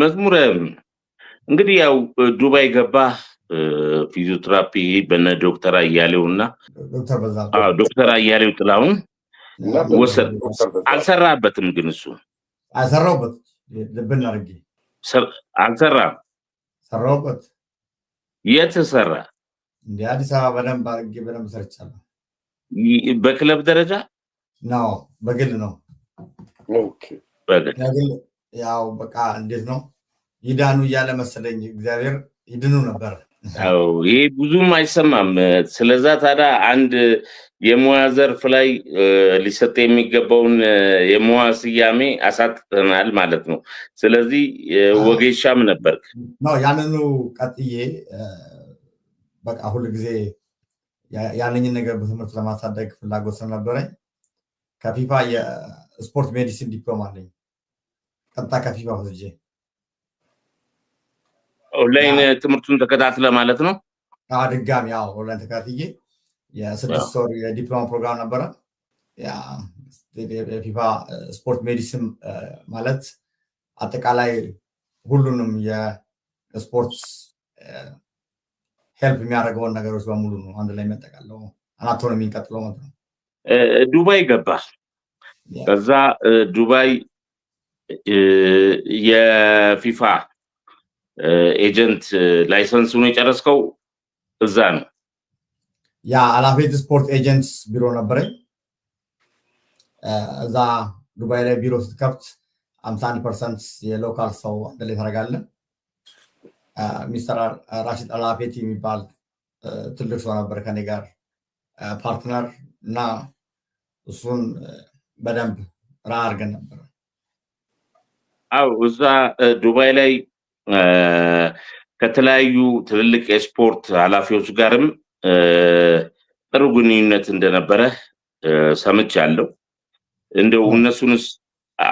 መዝሙረ እንግዲህ ያው ዱባይ ገባ ፊዚዮትራፒ በነ ዶክተር አያሌው እና ዶክተር አያሌው ጥላሁን አልሰራበትም። ግን እሱ አልሰራውበት ልብን አልሰራም። ሰራውበት የት ሰራ? አዲስ አበባ በደንብ አድርጌ በደንብ ሰርቻለሁ። በክለብ ደረጃ ነው፣ በግል ነው ያው በቃ እንዴት ነው ይዳኑ እያለ መሰለኝ እግዚአብሔር ይድኑ ነበር። ይሄ ብዙም አይሰማም። ስለዛ ታዲያ አንድ የሙያ ዘርፍ ላይ ሊሰጥ የሚገባውን የሙያ ስያሜ አሳጥተናል ማለት ነው። ስለዚህ ወጌሻም ነበርክ። ያንኑ ቀጥዬ በቃ ሁል ጊዜ ያለኝን ነገር በትምህርት ለማሳደግ ፍላጎት ስለነበረኝ ከፊፋ የስፖርት ሜዲሲን ዲፕሎማ አለኝ። ቀጣቀፊ ባሁን ኦንላይን ትምህርቱን ተከታትለ ማለት ነው። ድጋሚ ያው ኦንላይን ተከታትዬ የስድስት ወር የዲፕሎማ ፕሮግራም ነበረ። የፊፋ ስፖርት ሜዲሲን ማለት አጠቃላይ ሁሉንም የስፖርት ሄልፕ የሚያደርገውን ነገሮች በሙሉ ነው አንድ ላይ የሚያጠቃለው አናቶን የሚንቀጥለው ማለት ነው። ዱባይ ገባ። ከዛ ዱባይ የፊፋ ኤጀንት ላይሰንስ ሆኖ የጨረስከው እዛ ነው? ያ አላፌት ስፖርት ኤጀንትስ ቢሮ ነበረኝ። እዛ ዱባይ ላይ ቢሮ ስትከፍት 51 ፐርሰንት የሎካል ሰው አንድ ላይ ታደርጋለህ። ሚስተር ራሽድ አላፌት የሚባል ትልቅ ሰው ነበር ከኔ ጋር ፓርትነር እና እሱን በደንብ ራ አድርገን ነበር አው እዛ ዱባይ ላይ ከተለያዩ ትልልቅ የስፖርት ኃላፊዎች ጋርም ጥሩ ግንኙነት እንደነበረ ሰምች አለው እንደው እነሱንስ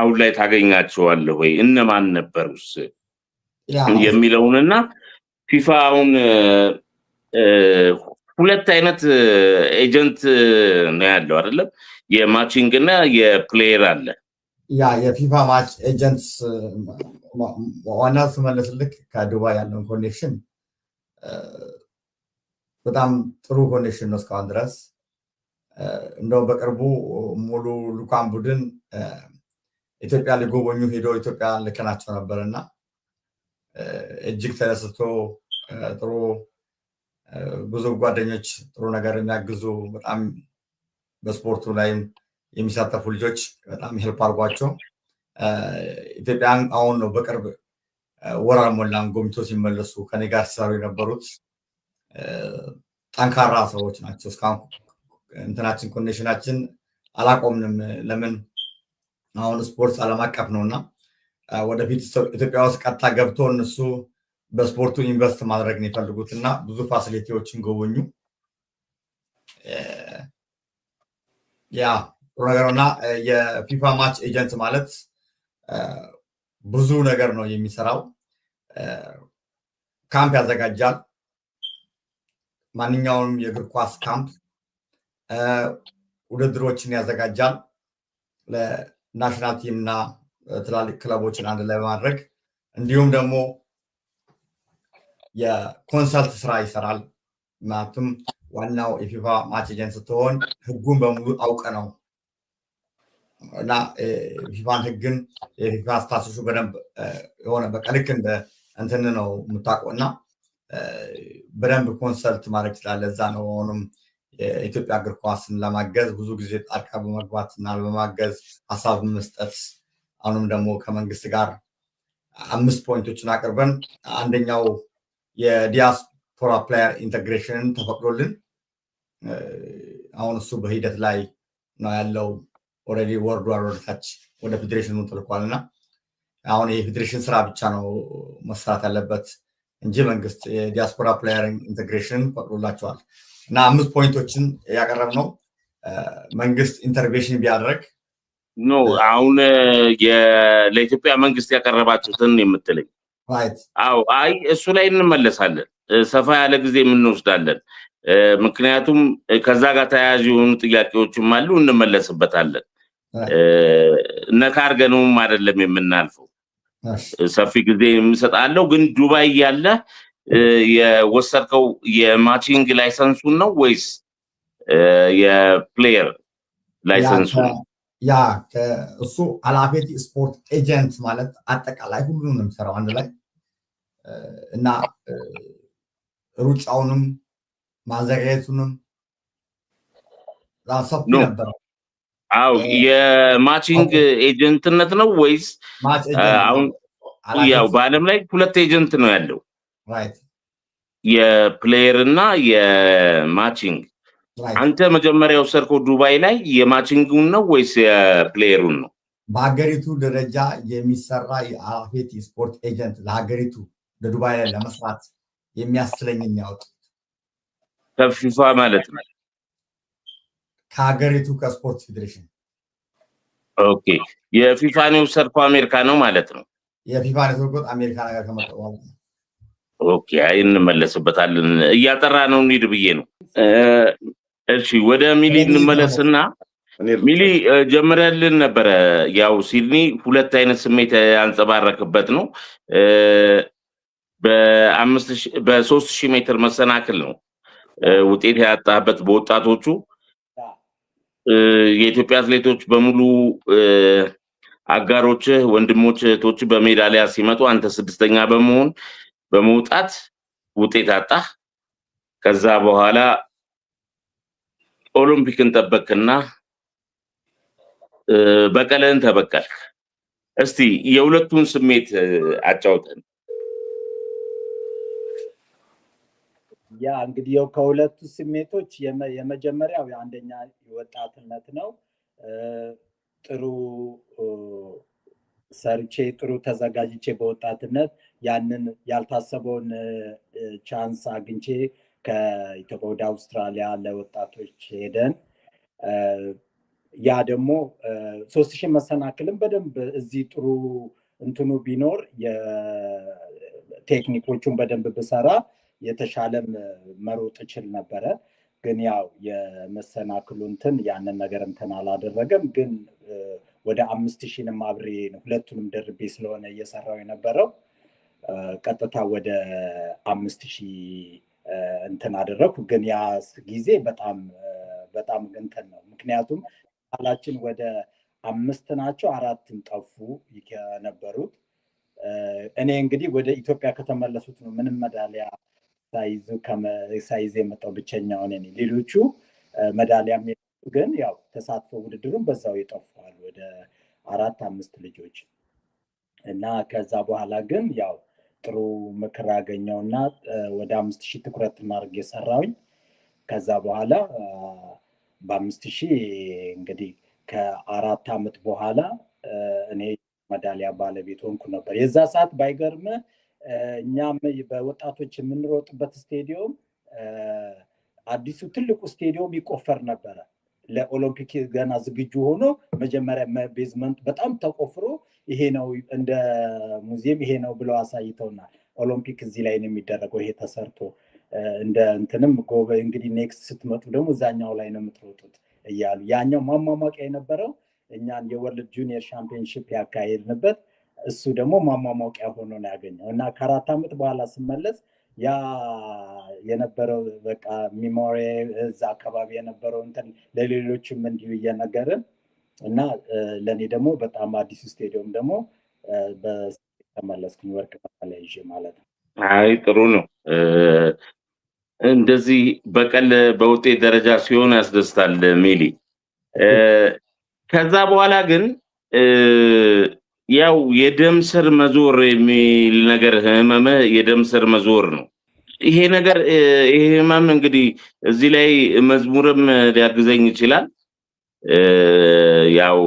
አሁን ላይ ታገኛቸዋለህ ወይ? እነማን ነበሩስ የሚለውንና ፊፋ አሁን ሁለት አይነት ኤጀንት ነው ያለው አይደለም? የማቺንግ እና የፕሌየር አለ ያ የፊፋ ማች ኤጀንትስ ዋና ስመለስልክ ከዱባይ ያለውን ኮኔክሽን በጣም ጥሩ ኮኔክሽን ነው እስካሁን ድረስ። እንደውም በቅርቡ ሙሉ ልኡካን ቡድን ኢትዮጵያ ሊጎበኙ ሄዶ ኢትዮጵያ ልከናቸው ነበር እና እጅግ ተደስቶ ጥሩ ብዙ ጓደኞች ጥሩ ነገር የሚያግዙ በጣም በስፖርቱ ላይም የሚሳተፉ ልጆች በጣም ሄልፕ አድርጓቸው ኢትዮጵያን አሁን ነው በቅርብ ወር አልሞላም ጎብኝቶ ሲመለሱ ከኔ ጋር ሲሰሩ የነበሩት ጠንካራ ሰዎች ናቸው። እስካሁን እንትናችን ኮንዲሽናችን አላቆምንም። ለምን አሁን ስፖርት ዓለም አቀፍ ነው እና ወደፊት ኢትዮጵያ ውስጥ ቀጥታ ገብቶ እነሱ በስፖርቱ ኢንቨስት ማድረግ ነው የፈልጉት እና ብዙ ፋሲሊቲዎችን ጎበኙ ያ ጥሩ ነገር እና የፊፋ ማች ኤጀንት ማለት ብዙ ነገር ነው የሚሰራው። ካምፕ ያዘጋጃል። ማንኛውም የእግር ኳስ ካምፕ ውድድሮችን ያዘጋጃል። ለናሽናል ቲም እና ትላልቅ ክለቦችን አንድ ላይ በማድረግ እንዲሁም ደግሞ የኮንሰልት ስራ ይሰራል። ምክንያቱም ዋናው የፊፋ ማች ኤጀንት ስትሆን ህጉን በሙሉ አውቀ ነው እና ፊፋን ህግን የፊፋ አስታስሱ በደንብ የሆነ በቃ ልክ እንደ እንትን ነው የምታውቀው እና በደንብ ኮንሰልት ማድረግ ስላለ እዛ ነው። አሁንም የኢትዮጵያ እግር ኳስን ለማገዝ ብዙ ጊዜ ጣልቃ በመግባት እና በማገዝ ሀሳብ መስጠት አሁንም ደግሞ ከመንግስት ጋር አምስት ፖይንቶችን አቅርበን አንደኛው የዲያስፖራ ፕላየር ኢንተግሬሽንን ተፈቅዶልን አሁን እሱ በሂደት ላይ ነው ያለው። ኦልሬዲ ወርዷል ወደታች ወደ ፌዴሬሽኑ ተልኳል እና አሁን የፌዴሬሽን ስራ ብቻ ነው መስራት ያለበት እንጂ መንግስት የዲያስፖራ ፕሌየር ኢንቴግሬሽን ፈቅዶላቸዋል እና አምስት ፖይንቶችን ያቀረብ ነው መንግስት ኢንተርቬንሽን ቢያደረግ ኖ አሁን ለኢትዮጵያ መንግስት ያቀረባችሁትን የምትለኝ? አዎ፣ አይ እሱ ላይ እንመለሳለን፣ ሰፋ ያለ ጊዜ የምንወስዳለን። ምክንያቱም ከዛ ጋር ተያያዥ የሆኑ ጥያቄዎችም አሉ፣ እንመለስበታለን። ነካ አይደለም የምናልፈው። ሰፊ ጊዜ የምሰጣለው ግን ዱባይ ያለ የወሰድከው የማቺንግ ላይሰንሱን ነው ወይስ የፕሌየር ላይሰንሱ ያ እሱ አላፌቲ ስፖርት ኤጀንት ማለት አጠቃላይ ሁሉንም የምሰራው አንድ ላይ እና ሩጫውንም ማዘጋጀቱንም ሰፊ ነበረው አው የማቺንግ ኤጀንትነት ነው ወይስ አሁን ያው በአለም ላይ ሁለት ኤጀንት ነው ያለው የፕሌየር እና የማቺንግ አንተ መጀመሪያ ሰርኮ ዱባይ ላይ የማቺንግን ነው ወይስ የፕሌየሩን ነው? በሀገሪቱ ደረጃ የሚሰራ የአፌት ስፖርት ኤጀንት ለሀገሪቱ ለዱባይ ላይ ለመስራት የሚያስችለኝ የሚያወጡት ከፊፋ ማለት ነው። ከሀገሪቱ ከስፖርት ፌዴሬሽን። ኦኬ የፊፋን የወሰድኩ አሜሪካ ነው ማለት ነው። የፊፋን የወሰድኩት አሜሪካ ነገር ከመጣ በኋላ ነው። ኦኬ አይ እንመለስበታለን። እያጠራ ነው እንሂድ ብዬ ነው። እሺ ወደ ሚሊ እንመለስና ሚሊ ጀምረልን ነበረ። ያው ሲድኒ ሁለት አይነት ስሜት ያንጸባረቅበት ነው። በሶስት ሺህ ሜትር መሰናክል ነው ውጤት ያጣበት በወጣቶቹ የኢትዮጵያ አትሌቶች በሙሉ አጋሮች ወንድሞች፣ እህቶች በሜዳሊያ ሲመጡ አንተ ስድስተኛ በመሆን በመውጣት ውጤት አጣ ከዛ በኋላ ኦሎምፒክን ጠበቅና በቀለን ተበቀልክ። እስቲ የሁለቱን ስሜት አጫውተን። ያ እንግዲህ ከሁለቱ ስሜቶች የመጀመሪያው የአንደኛ ወጣትነት ነው። ጥሩ ሰርቼ ጥሩ ተዘጋጅቼ በወጣትነት ያንን ያልታሰበውን ቻንስ አግኝቼ ከኢትዮጵያ ወደ አውስትራሊያ ለወጣቶች ሄደን ያ ደግሞ ሶስት ሺህ መሰናክልም በደንብ እዚህ ጥሩ እንትኑ ቢኖር ቴክኒኮቹን በደንብ ብሰራ የተሻለም መሮጥ እችል ነበረ። ግን ያው የመሰናክሉ እንትን ያንን ነገር እንትን አላደረገም። ግን ወደ አምስት ሺንም አብሬ ሁለቱንም ደርቤ ስለሆነ እየሰራው የነበረው ቀጥታ ወደ አምስት ሺህ እንትን አደረግኩ። ግን ያ ጊዜ በጣም በጣም እንትን ነው። ምክንያቱም ላችን ወደ አምስት ናቸው አራትም ጠፉ የነበሩት። እኔ እንግዲህ ወደ ኢትዮጵያ ከተመለሱት ነው ምንም መዳሊያ ሳይዙ ሳይዝ የመጣው ብቸኛው ነኝ። ሌሎቹ መዳሊያም ግን ያው ተሳትፎ ውድድሩን በዛው ይጠፋል ወደ አራት አምስት ልጆች እና ከዛ በኋላ ግን ያው ጥሩ ምክር አገኘው እና ወደ አምስት ሺህ ትኩረት ማድረግ የሰራውኝ ከዛ በኋላ በአምስት ሺህ እንግዲህ ከአራት አመት በኋላ እኔ መዳሊያ ባለቤት ሆንኩ ነበር። የዛ ሰዓት ባይገርም እኛም በወጣቶች የምንሮጥበት ስቴዲዮም አዲሱ ትልቁ ስቴዲዮም ይቆፈር ነበረ። ለኦሎምፒክ ገና ዝግጁ ሆኖ መጀመሪያ ቤዝመንት በጣም ተቆፍሮ ይሄ ነው እንደ ሙዚየም ይሄ ነው ብለው አሳይተውናል። ኦሎምፒክ እዚህ ላይ ነው የሚደረገው፣ ይሄ ተሰርቶ እንደ እንትንም ጎበ እንግዲህ ኔክስት ስትመጡ ደግሞ እዛኛው ላይ ነው የምትሮጡት እያሉ ያኛው ማሟሟቂያ የነበረው እኛን የወርልድ ጁኒየር ሻምፒዮንሺፕ ያካሄድንበት እሱ ደግሞ ማሟሟቂያ ሆኖ ነው ያገኘው እና ከአራት ዓመት በኋላ ስመለስ ያ የነበረው በቃ ሚሞሪ እዛ አካባቢ የነበረው እንትን ለሌሎችም እንዲሁ እየነገርን እና ለእኔ ደግሞ በጣም አዲሱ ስቴዲየም ደግሞ በተመለስኩኝ ወርቅ መሳሪያ ይዤ ማለት ነው። አይ ጥሩ ነው። እንደዚህ በቀል በውጤት ደረጃ ሲሆን ያስደስታል። ሚሊ ከዛ በኋላ ግን ያው የደም ስር መዞር የሚል ነገር ህመም የደም ስር መዞር ነው። ይሄ ነገር ይሄ ህመም እንግዲህ እዚህ ላይ መዝሙርም ሊያግዘኝ ይችላል። ያው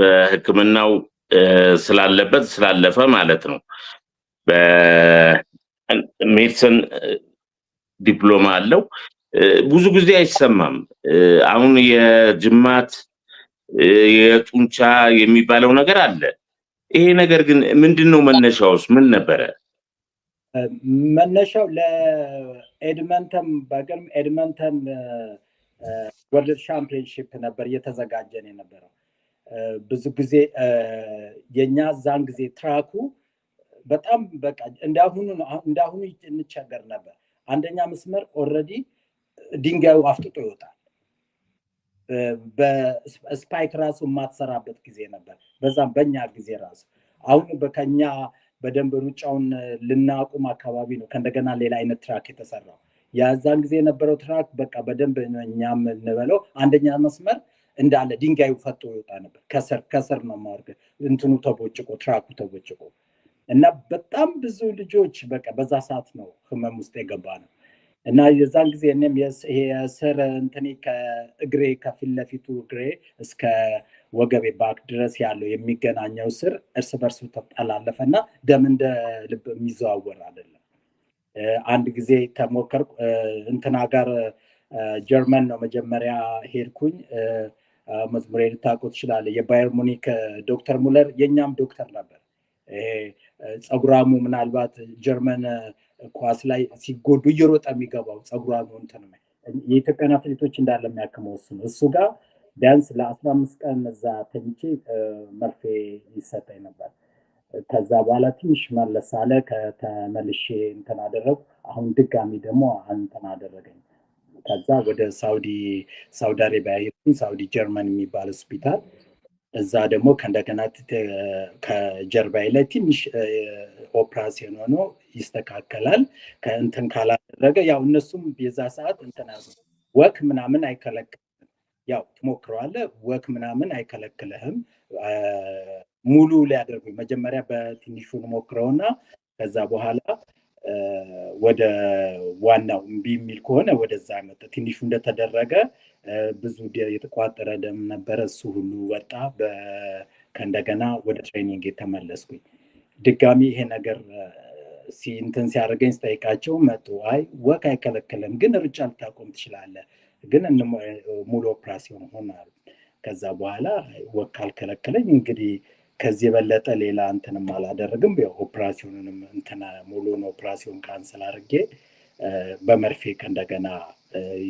በህክምናው ስላለበት ስላለፈ ማለት ነው። በሜዲሰን ዲፕሎማ አለው። ብዙ ጊዜ አይሰማም። አሁን የጅማት የጡንቻ የሚባለው ነገር አለ። ይሄ ነገር ግን ምንድን ነው መነሻውስ? ምን ነበረ መነሻው? ለኤድመንተን በቅርብ ኤድመንተን ወርልድ ሻምፒዮንሺፕ ነበር እየተዘጋጀን የነበረው። ብዙ ጊዜ የእኛ እዛን ጊዜ ትራኩ በጣም በቃ እንዳሁኑ እንዳሁኑ እንቸገር ነበር። አንደኛ መስመር ኦልሬዲ ድንጋዩ አፍጥጦ ይወጣል። በስፓይክ ራሱ የማትሰራበት ጊዜ ነበር። በዛም በእኛ ጊዜ ራሱ አሁን ከኛ በደንብ ሩጫውን ልናቁም አካባቢ ነው ከእንደገና ሌላ አይነት ትራክ የተሰራው። ያዛን ጊዜ የነበረው ትራክ በቃ በደንብ እኛም እንበለው አንደኛ መስመር እንዳለ ድንጋዩ ፈጦ ይወጣ ነበር። ከስር ከስር ነው ማወርግ እንትኑ ተቦጭቆ ትራኩ ተቦጭቆ እና በጣም ብዙ ልጆች በቃ በዛ ሰዓት ነው ህመም ውስጥ የገባ ነው። እና የዛን ጊዜ እኔም የስር እንትኔ ከእግሬ ከፊት ለፊቱ እግሬ እስከ ወገቤ ባክ ድረስ ያለው የሚገናኘው ስር እርስ በርሱ ተጠላለፈ እና ደም እንደ ልብ የሚዘዋወር አይደለም። አንድ ጊዜ ተሞከር እንትና ጋር ጀርመን ነው መጀመሪያ ሄድኩኝ። መዝሙሬ ልታውቀው ትችላለ የባየር ሙኒክ ዶክተር ሙለር የእኛም ዶክተር ነበር። ይሄ ፀጉራሙ ምናልባት ጀርመን ኳስ ላይ ሲጎዱ እየሮጠ የሚገባው ጸጉሯ ነው እንትን የኢትዮጵያን አትሌቶች እንዳለ የሚያክመው እሱ ነው። እሱ ጋር ቢያንስ ለአስራ አምስት ቀን እዛ ተኝቼ መርፌ ይሰጠኝ ነበር። ከዛ በኋላ ትንሽ መለስ አለ። ከተመልሼ እንትን አደረጉ። አሁን ድጋሚ ደግሞ እንትን አደረገኝ። ከዛ ወደ ሳውዲ ሳውዲ አረቢያ ሳውዲ ጀርመን የሚባል ሆስፒታል እዛ ደግሞ ከእንደገና ከጀርባይ ላይ ትንሽ ኦፕራሲዮን ሆኖ ይስተካከላል። ከእንትን ካላደረገ ያው እነሱም የዛ ሰዓት እንትና ወክ ምናምን አይከለክልም። ያው ትሞክረዋለህ፣ ወክ ምናምን አይከለክልህም። ሙሉ ሊያደርጉ መጀመሪያ በትንሹ ሞክረውና ከዛ በኋላ ወደ ዋናው እምቢ የሚል ከሆነ ወደዛ መጠ ትንሹ እንደተደረገ ብዙ የተቋጠረ ደም ነበረ። እሱ ሁሉ ወጣ። ከእንደገና ወደ ትሬኒንግ የተመለስኩኝ ድጋሚ ይሄ ነገር እንትን ሲያደርገኝ ስጠይቃቸው መጡ። አይ ወክ አይከለከለም፣ ግን ሩጫ ልታቆም ትችላለህ፣ ግን ሙሉ ኦፕራሲዮን ሆን አሉ። ከዛ በኋላ ወክ አልከለከለኝ እንግዲህ ከዚህ የበለጠ ሌላ እንትንም አላደረግም። ኦፕራሲዮንንም እንትን ሙሉን ኦፕራሲዮን ካንስል አድርጌ በመርፌ እንደገና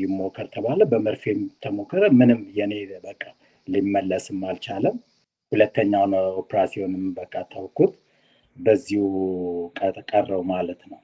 ይሞከር ተባለ። በመርፌም ተሞከረ። ምንም የኔ በቃ ሊመለስም አልቻለም። ሁለተኛውን ኦፕራሲዮንም በቃ ተውኩት። በዚሁ ቀረው ማለት ነው።